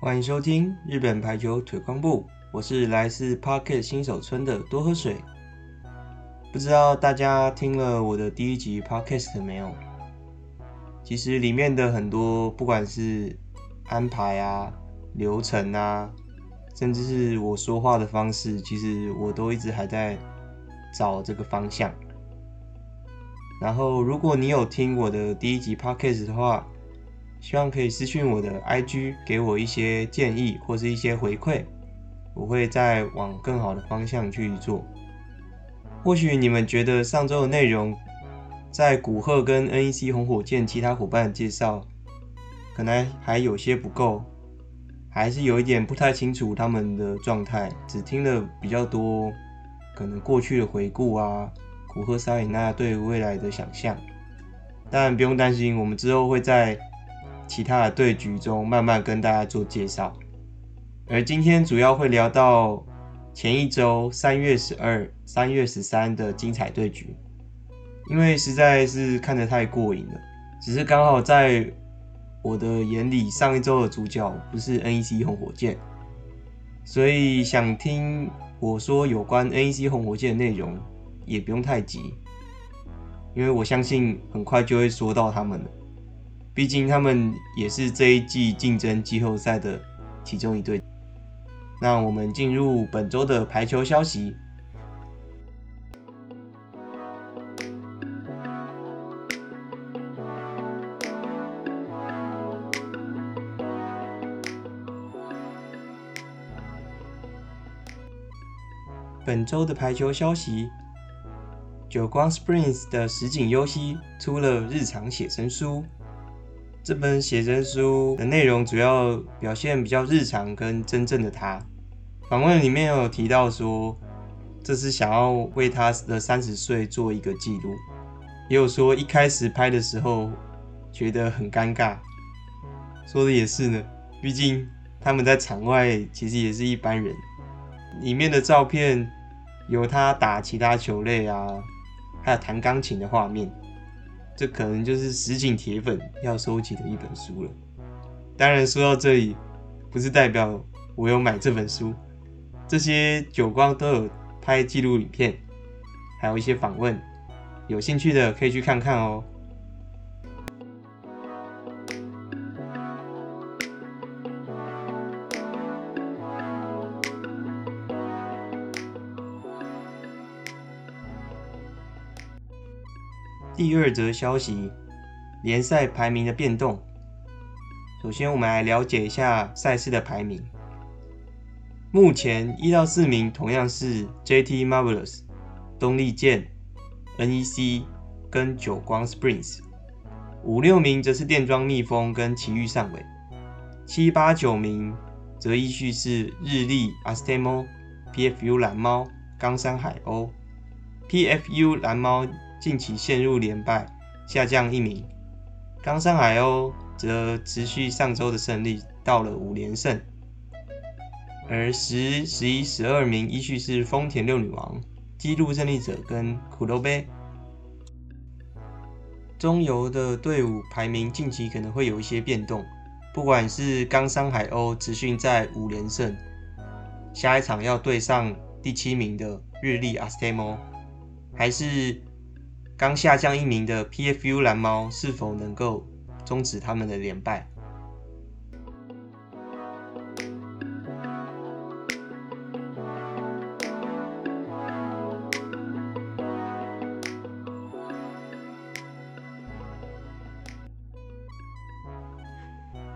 歡迎收聽日本排球推廣部，我是來自 Parker 新手村的多喝水。不知道大家聽了我的第一集 Podcast 沒有？其實裡面的很多，不管是安排啊、流程啊，甚至是我說話的方式，其實我都一直還在找這個方向。然後，如果你有聽我的第一集 Podcast 的話，希望可以私訊我的 IG，給我一些建議或是一些回饋，我會再往更好的方向去做。或許你們覺得上周的內容，在古賀跟 NEC 紅火箭其他夥伴介紹，可能還有些不夠，還是有一點不太清楚他們的狀態，只聽了比較多可能過去的回顧啊，古賀紗理那對未來的想象。但不用擔心，我們之後會在其他的對局中慢慢跟大家做介紹。而今天主要會聊到前一周三月十二、三月十三的精彩對局，因為實在是看得太過癮了。只是剛好在我的眼裡，上一周的主角不是 NEC 紅火箭，所以想聽我說有關 NEC 紅火箭的內容，也不用太急，因為我相信很快就會說到他們了。畢竟他們也是這一季競爭季後賽的其中一隊。讓我們進入本周的排球消息，本周的排球消息，久光 Springs 的石井優希出了日常寫真書。這本寫真書的內容主要表現比較日常跟真正的他。訪問裡面有提到說，這是想要為他的三十歲做一個記錄，也有說一開始拍的時候覺得很尷尬。說的也是呢，畢竟他們在場外其實也是一般人。裡面的照片有他打其他球類啊，還有彈鋼琴的畫面。這可能就是實景鐵粉要收集的一本書了。當然，說到這裡，不是代表我有買這本書。這些久光都有拍紀錄影片，還有一些訪問，有興趣的可以去看看哦。第二則消息，聯賽排名的變動。首先，我們來了解一下賽事的排名。目前一到四名同樣是 JT Marvelous、東麗健、NEC 跟久光 Springs，五六名則是電裝蜜蜂跟奇遇上尾，七八九名則依序是日立、ASTEMO、PFU 藍貓、岡山海鷗、PFU 藍貓。近期陷入連敗，下降一名。岡山海鷗則持續上週的勝利，到了五連勝。而十、十一、十二名依序是豐田六女王、記錄勝利者跟苦豆貝。中游的隊伍排名近期可能會有一些變動，不管是岡山海鷗持續在五連勝，下一場要對上第七名的日立 ASTEMO，還是，剛下降一名的 PFU 藍貓是否能夠終止他們的連敗？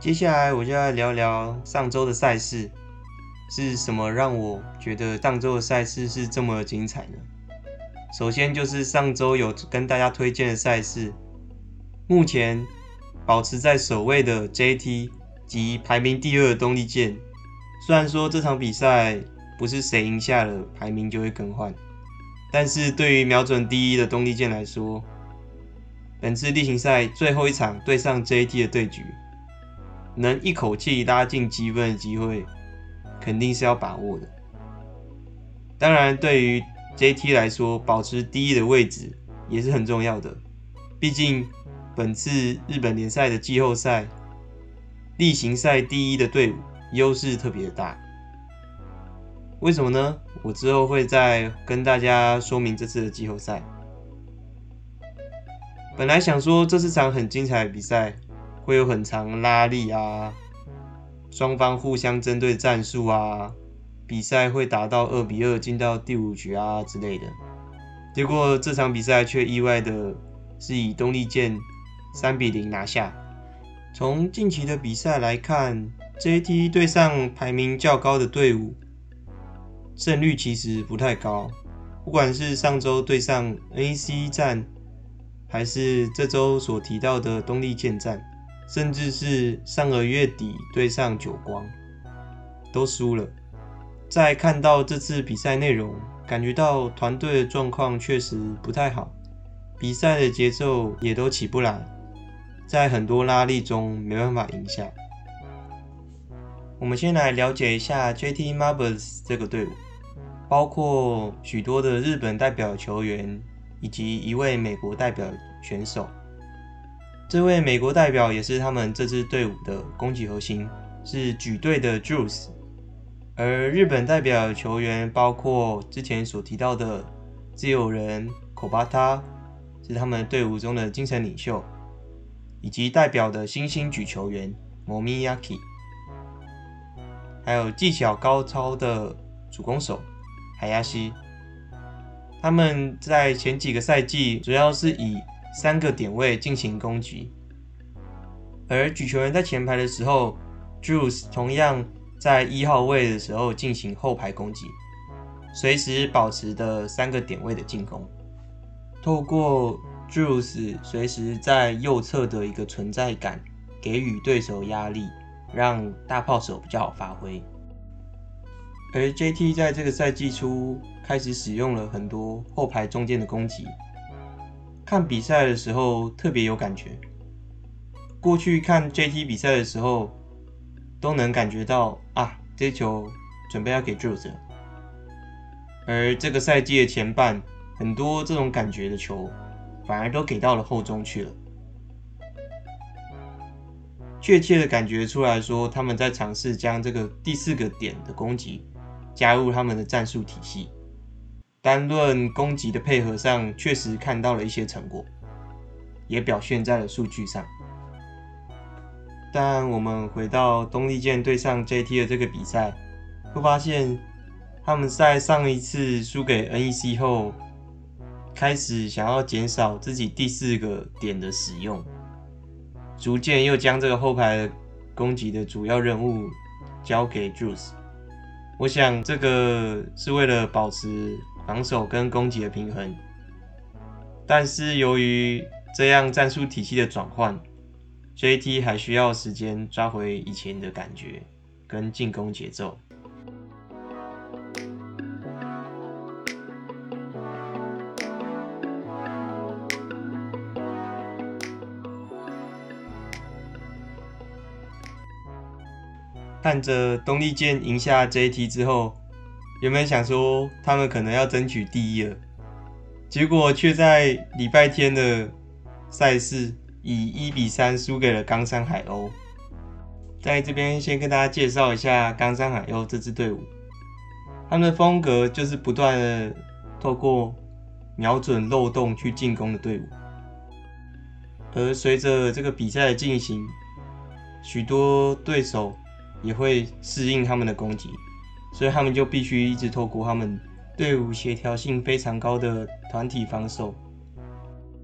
接下來我就來聊聊上周的賽事，是什麼讓我覺得上周的賽事是這麼精彩呢？首先就是上周有跟大家推薦的賽事，目前保持在首位的 JT 及排名第二的東麗箭，雖然說這場比賽不是誰贏下了排名就會更換，但是對於瞄準第一的東麗箭來說，本次例行賽最後一場對上 JT 的對局，能一口氣拉近積分的機會，肯定是要把握的。當然對於，JT 來說，保持第一的位置也是很重要的。畢竟，本次日本聯賽的季後賽例行賽第一的隊伍優勢特別大。為什麼呢？我之後會再跟大家說明這次的季後賽。本來想說這是場很精彩的比賽，會有很長拉力啊，雙方互相針對戰術啊。比賽會達到二比二進到第五局啊之類的，結果這場比賽卻意外的是以東麗箭三比零拿下。從近期的比賽來看，JT 對上排名較高的隊伍勝率其實不太高，不管是上周對上 AC 戰，還是這周所提到的東麗箭戰，甚至是上個月底對上久光都輸了。在看到這次比賽內容，感覺到團隊的狀況確實不太好，比賽的節奏也都起不來，在很多拉力中沒辦法贏下。我們先來了解一下 JT Marvelous 這個隊伍，包括許多的日本代表球員以及一位美國代表選手。這位美國代表也是他們這支隊伍的攻擊核心，是舉隊的 Juice。而日本代表球員包括之前所提到的自由人口巴塔，是他們隊伍中的精神領袖，以及代表的新興舉球員摩米亞基，還有技巧高超的主攻手海亞西。他們在前幾個賽季主要是以三個點位進行攻擊，而舉球員在前排的時候，Juice 同樣。1 在一號位的時候進行後排攻擊，隨時保持的三個點位的進攻，透過 Juice 隨時在右側的一個存在感，給予對手壓力，讓大炮手比較好發揮。而 JT 在這個賽季初開始使用了很多後排中間的攻擊，看比賽的時候特別有感覺。過去看 JT 比賽的時候。都能感覺到啊，這球準備要給柱子了，而這個賽季的前半，很多這種感覺的球，反而都給到了後中去了。確切的感覺出來說，他們在嘗試將這個第四個點的攻擊加入他們的戰術體系。單論攻擊的配合上，確實看到了一些成果，也表現在了數據上。但我們回到東麗艦對上 JT 的這個比賽，會發現他們在上一次輸給 NEC 後，開始想要減少自己第四個點的使用，逐漸又將這個後排攻擊的主要任務交給 Juice。我想這個是為了保持防守跟攻擊的平衡，但是由於這樣戰術體系的轉換。JT 還需要時間抓回以前的感覺跟進攻節奏。看着東麗箭贏下 JT 之後，原本想說他們可能要爭取第一了，結果卻在禮拜天的賽事，1 以一比三輸給了岡山海鷗。在這邊先跟大家介紹一下岡山海鷗這支隊伍，他們的風格就是不斷的透過瞄準漏洞去進攻的隊伍。而隨着這個比賽的進行，許多對手也會適應他們的攻擊，所以他們就必須一直透過他們隊伍協調性非常高的團體防守，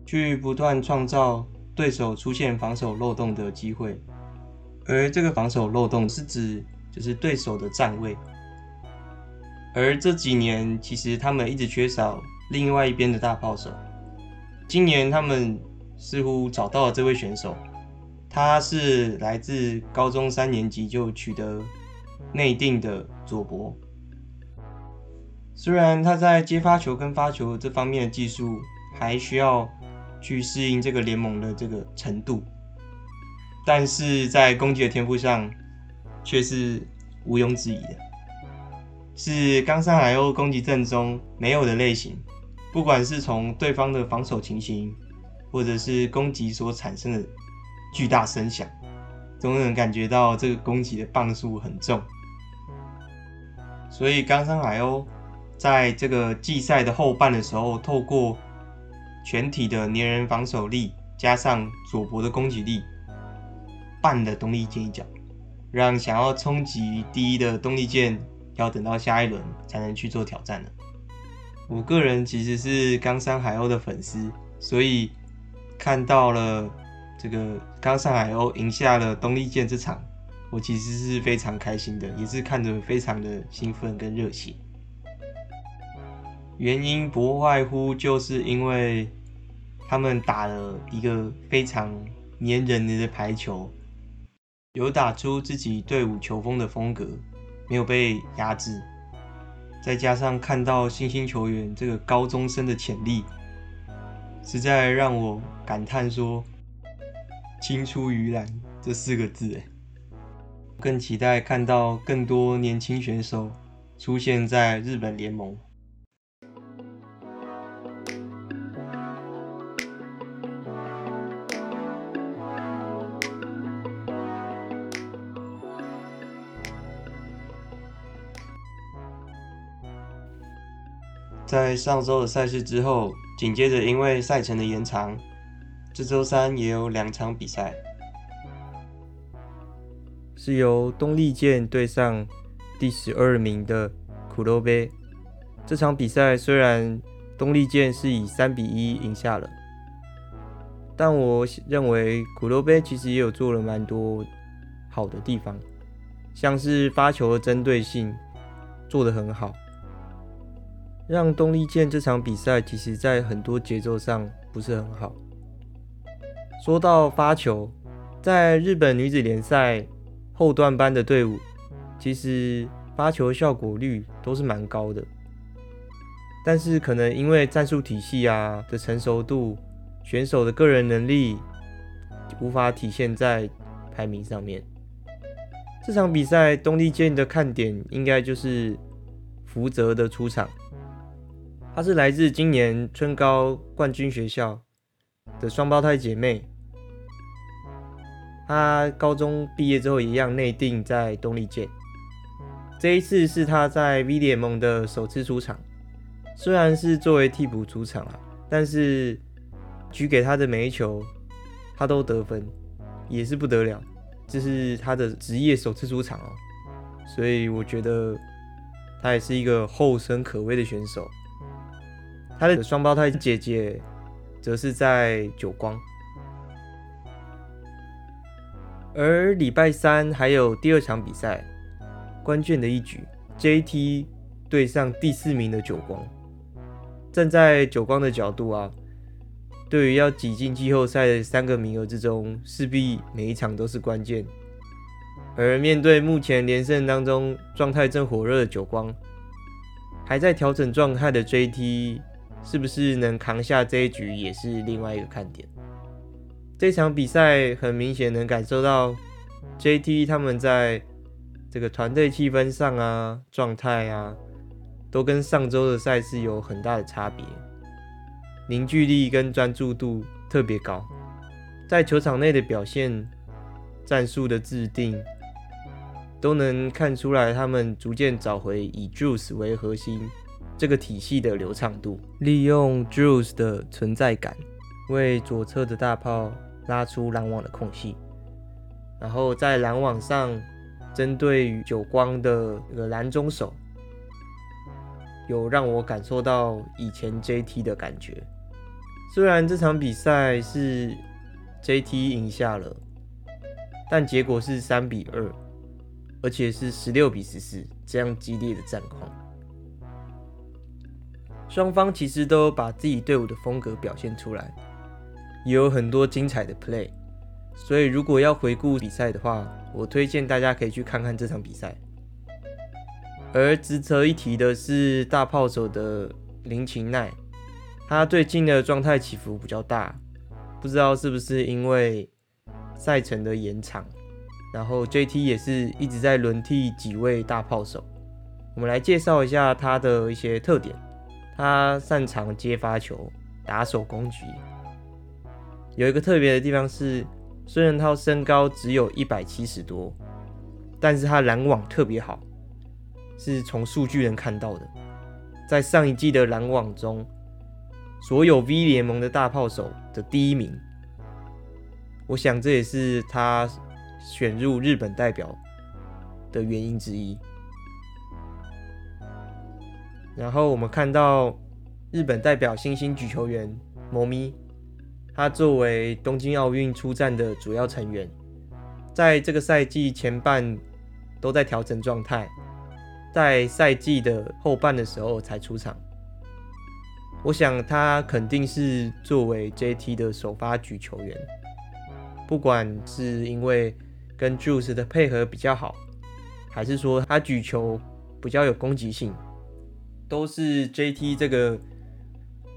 去不斷創造。對手出現防守漏洞的機會，而這個防守漏洞是指，就是對手的站位。而這幾年其實他們一直缺少另外一邊的大炮手，今年他們似乎找到了這位選手，他是來自高中三年級就取得內定的佐伯。雖然他在接發球跟發球這方面的技術還需要。去適應這個聯盟的這個程度，但是在攻擊的天賦上卻是毋庸置疑的，是岡山海鷗攻擊陣中沒有的類型。不管是從對方的防守情形，或者是攻擊所產生的巨大聲響，總能感覺到這個攻擊的磅數很重。所以岡山海鷗在這個季賽的後半的時候，透過全體的黏人防守力加上佐伯的攻擊力，半的東麗箭一腳，讓想要衝擊第一的東麗箭要等到下一輪才能去做挑戰了。我個人其實是岡山海鷗的粉絲，所以看到了這個岡山海鷗贏下了東麗箭這場，我其實是非常開心的，也是看着非常的興奮跟熱血。原因不外乎就是因為他們打了一個非常粘人的排球，有打出自己隊伍球風的風格，沒有被壓制。再加上看到新星球員這個高中生的潛力，實在讓我感嘆說“青出於藍”這四個字。哎，更期待看到更多年輕選手出現在日本聯盟。在上週的賽事之後，緊接着因為賽程的延長，這周三也有兩場比賽，是由東麗箭對上第十二名的庫洛貝，這場比賽雖然東麗箭是以三比一贏下了，但我認為庫洛貝其實也有做了蠻多好的地方，像是發球的針對性做得很好。讓東麗箭這場比賽其實在很多節奏上不是很好。說到發球，在日本女子聯賽後段班的隊伍，其實發球效果率都是蠻高的。但是可能因為戰術體系啊的成熟度，選手的個人能力無法體現在排名上面。這場比賽東麗箭的看點應該就是福澤的出場。她是來自今年春高冠軍學校的雙胞胎姐妹。她高中畢業之後一樣內定在東麗界，這一次是她在 V 聯盟的首次出場，雖然是作為替補出場啊，但是舉給她的每一球，她都得分，也是不得了。這是她的職業首次出場哦、啊，所以我覺得她也是一個後生可畏的選手。他的雙胞胎姐姐，則是在九光。而禮拜三還有第二場比賽，關鍵的一局，JT 對上第四名的九光。站在九光的角度啊，對於要擠進季後賽的三個名額之中，勢必每一場都是關鍵。而面對目前連勝當中狀態正火熱的九光，還在調整狀態的 JT。是不是能扛下這一局，也是另外一個看點。這場比賽很明顯能感受到 JT 他們在這個團隊氣氛上啊、狀態啊，都跟上周的賽事有很大的差別，凝聚力跟專注度特別高，在球場內的表現、戰術的制定，都能看出來他們逐漸找回以 Juice 為核心，這個體系的流暢度，利用 juice 的存在感，為左側的大炮拉出攔網的空隙，然後在攔網上針對久光的那個攔中手，有讓我感受到以前 JT 的感覺。雖然這場比賽是 JT 贏下了，但結果是三比二，而且是十六比十四這樣激烈的戰況。雙方其實都把自己隊伍的風格表現出來，也有很多精彩的 play。所以如果要回顧比賽的話，我推薦大家可以去看看這場比賽。而值得一提的是大炮手的林琴奈，他最近的狀態起伏比較大，不知道是不是因為賽程的延長，然後 JT 也是一直在輪替幾位大炮手。我們來介紹一下他的一些特點。他擅長接發球、打手攻擊。有一個特別的地方是，雖然他身高只有一百七十多，但是他攔網特別好，是從數據能看到的。在上一季的攔網中，所有 V 聯盟的大炮手的第一名。我想這也是他選入日本代表的原因之一。然後我們看到日本代表新星舉球員 Momi，他作為東京奧運出戰的主要成員，在這個賽季前半都在調整狀態，在賽季的後半的時候才出場。我想他肯定是作為 JT 的首發舉球員，不管是因為跟 Juice 的配合比較好，還是說他舉球比較有攻擊性。都是 JT 這個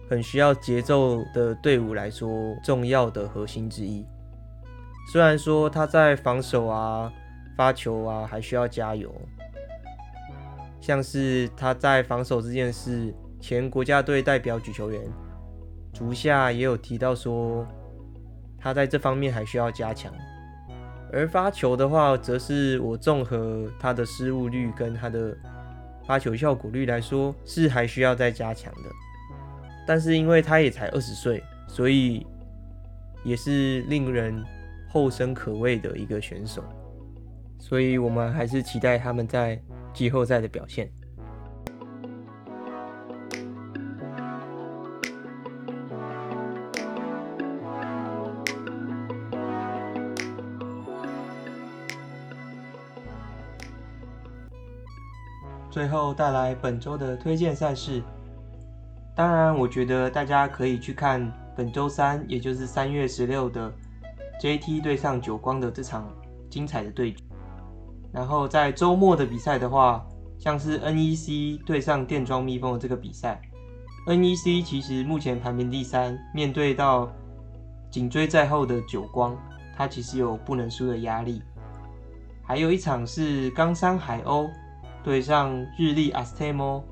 很需要節奏的隊伍來說重要的核心之一。雖然說他在防守啊、發球啊還需要加油，像是他在防守這件事，前國家隊代表舉球員竹下也有提到說他在這方面還需要加強。而發球的話，則是我綜合他的失誤率跟他的。發球效果率來說是還需要再加強的，但是因為他也才二十歲，所以也是令人後生可畏的一個選手，所以我們還是期待他們在季後賽的表現。最後帶來本周的推薦賽事，當然我覺得大家可以去看本周三，也就是三月十六的 JT 對上久光的這場精彩的對決。然後在周末的比賽的話，像是 NEC 對上電裝蜜蜂的這個比賽，NEC 其實目前排名第三，面對到緊追在後的久光，他其實有不能輸的壓力。還有一場是岡山海鷗。對上日立阿斯泰莫，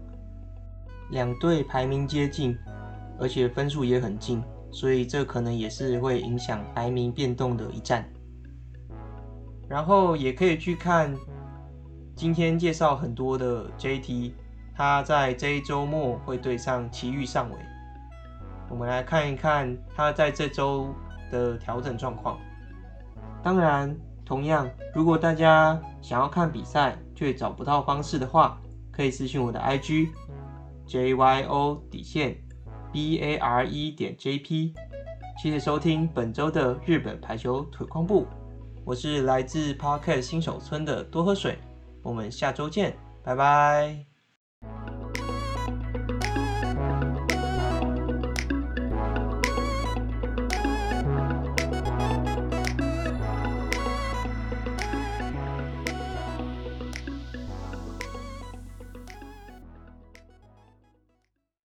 兩隊排名接近，而且分數也很近，所以這可能也是會影響排名變動的一戰。然後也可以去看今天介紹很多的 JT，他在這一周末會對上埼玉上尾，我們來看一看他在這周的調整狀況。當然。同樣，如果大家想要看比賽卻找不到方式的話，可以私信我的 I G J Y O 底線 B A R E 點 J P。謝謝收聽本周的日本排球腿控部，我是來自 Podcast 新手村的多喝水，我們下周見，拜拜。